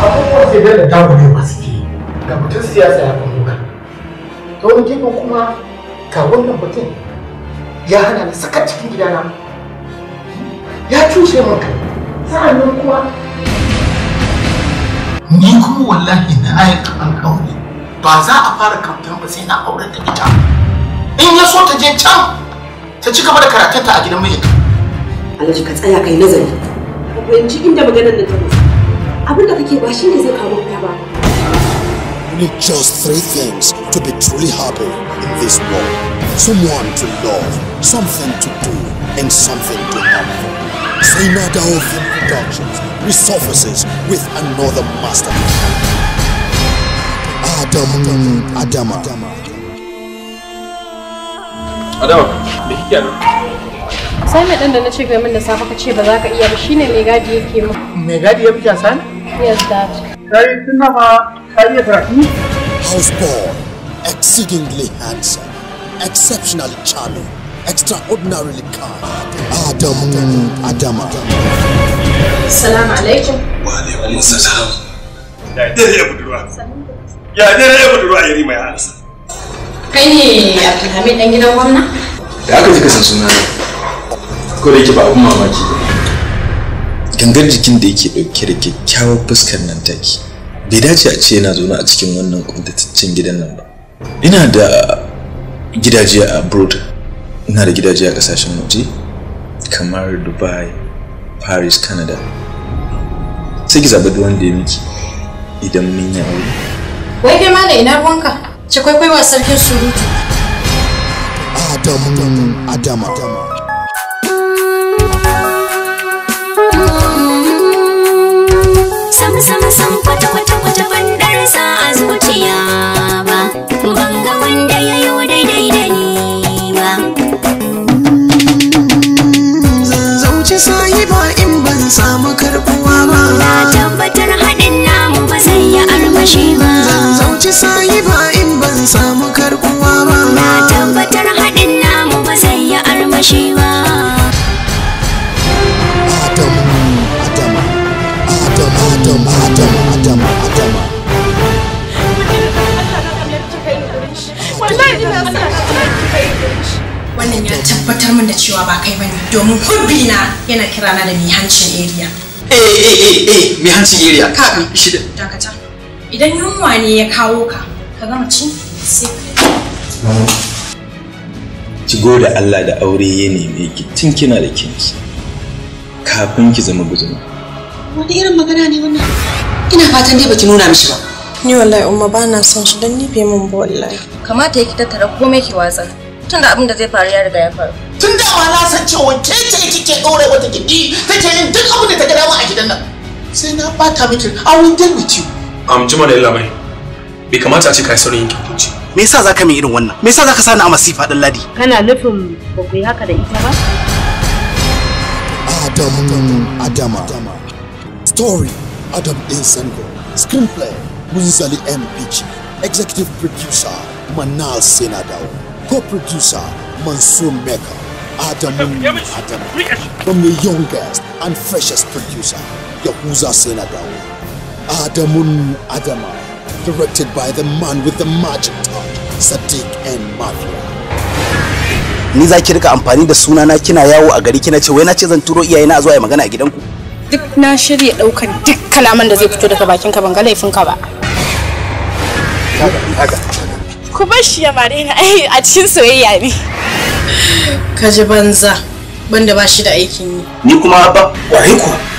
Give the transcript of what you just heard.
abubuwan sai dai da damu ne masu ke ga mutum siyasa ya fi muka ta wani gefen kuma ga wannan mutum ya hana ni saka cikin gidana ya cushe min kai sa'annan kuma ni kuma wallahi na ayyuka alƙawari ba za a fara kamfen ba sai na aurar da ita in ya so ta je can ta ci gaba da karatunta a gidan mijinta alhaji ka tsaya kai nazari ka fahimci inda maganar da ta musa abin da kake ba shi ne zai kawo ka ba You need just three things to be truly happy in this world. Someone to love, something to do, and something to have. Zainada Ofin Productions resurfaces with another master. Adam Adama. Adam, me kike Sai mai dan da na ce ga min da safa ka ce ba za ka iya ba shine mai gadi yake mu. Mai gadi ya fi kyasan? Yes, Dad. Houseborn, exceedingly handsome, exceptionally charming, extraordinarily kind. Adam, Adam. Salam alaikum. Wa alaikum salam. Ya dai ya budurwa. Ya dai ya budurwa ya rima ya Kai ne Abdulhamid dan gidan Da aka ji kasan sunana. ko da yake ba mamaki ba. gangar jikin da yake ɗauke da kyakkyawar fuskar nan take bai dace a ce yana zaune a cikin wannan kuntataccen gidan nan ba ina da gidaje a abroad ina da gidaje a ƙasashen waje kamar dubai paris canada sai ki zaɓi wanda ya miki idan mun yi aure wai dai mana ina ruwanka ce kwaikwaiwa sarkin surutu adam adam adam, adam. san kwata-kwata kwata bandarsa a zuciya ba ban ga wanda ya yi daidai da ni ba mm, zan zauce ba in ban samu karbuwa ba na tabbatar haɗin namu ba zai yi armashi ba zan zauce ba in ban samu karbuwa ba na tabbatar haɗin namu ba zai yi armashi ba wannan ya tabbatar min da cewa ba kai bane domin hubbi na yana kira na da mai hancin area eh eh eh eh mai hancin area ka bi shi da dakata idan yunwa ne ya kawo ka ka gama ci sai ka ki gode Allah da aure ya neme ki tun kina da kinki kafin ki zama guzuma wani irin magana ne wannan ina fatan dai baki nuna mishi ba ni wallahi umma ba na son shi don ni bai mun ba wallahi kamata ya ki tattara komai ke watsa. tun da abin da zai faru ya riga ya faru tun da ma na san cewa ke ce kike dore wata gidi take yin duk abin da ta ga dama a gidan nan sai na bata miki i will miki with you am jima da labai bai kamata a ce kai saurin yanke kunci me yasa zaka min irin wannan me yasa zaka sani a masifa dan ladi kana nufin ba ku yi haka da ita ba Adam Adama Story Adam Insango Screenplay Munzali MPG Executive Producer Manal Senadao co-producer Mansoor Mecca, Adamu Adamu, from the youngest and freshest producer, Yahuza Senadawo, Adamun Adama, directed by the man with the magic touch, Sadiq N. Mafia. Ni zaki rika amfani da sunana kina yawo a gari kina ce wai na ce zan turo iyayena zuwa ya magana a gidanku. Duk na shirya daukan duk kalaman da zai fito daga bakinka ban ga laifin ka ba. Haka, haka. ku bar shi ya mare ni ai a cikin soyayya ne ka ji banza banda ba shi da aikin yi ni kuma ba wai ku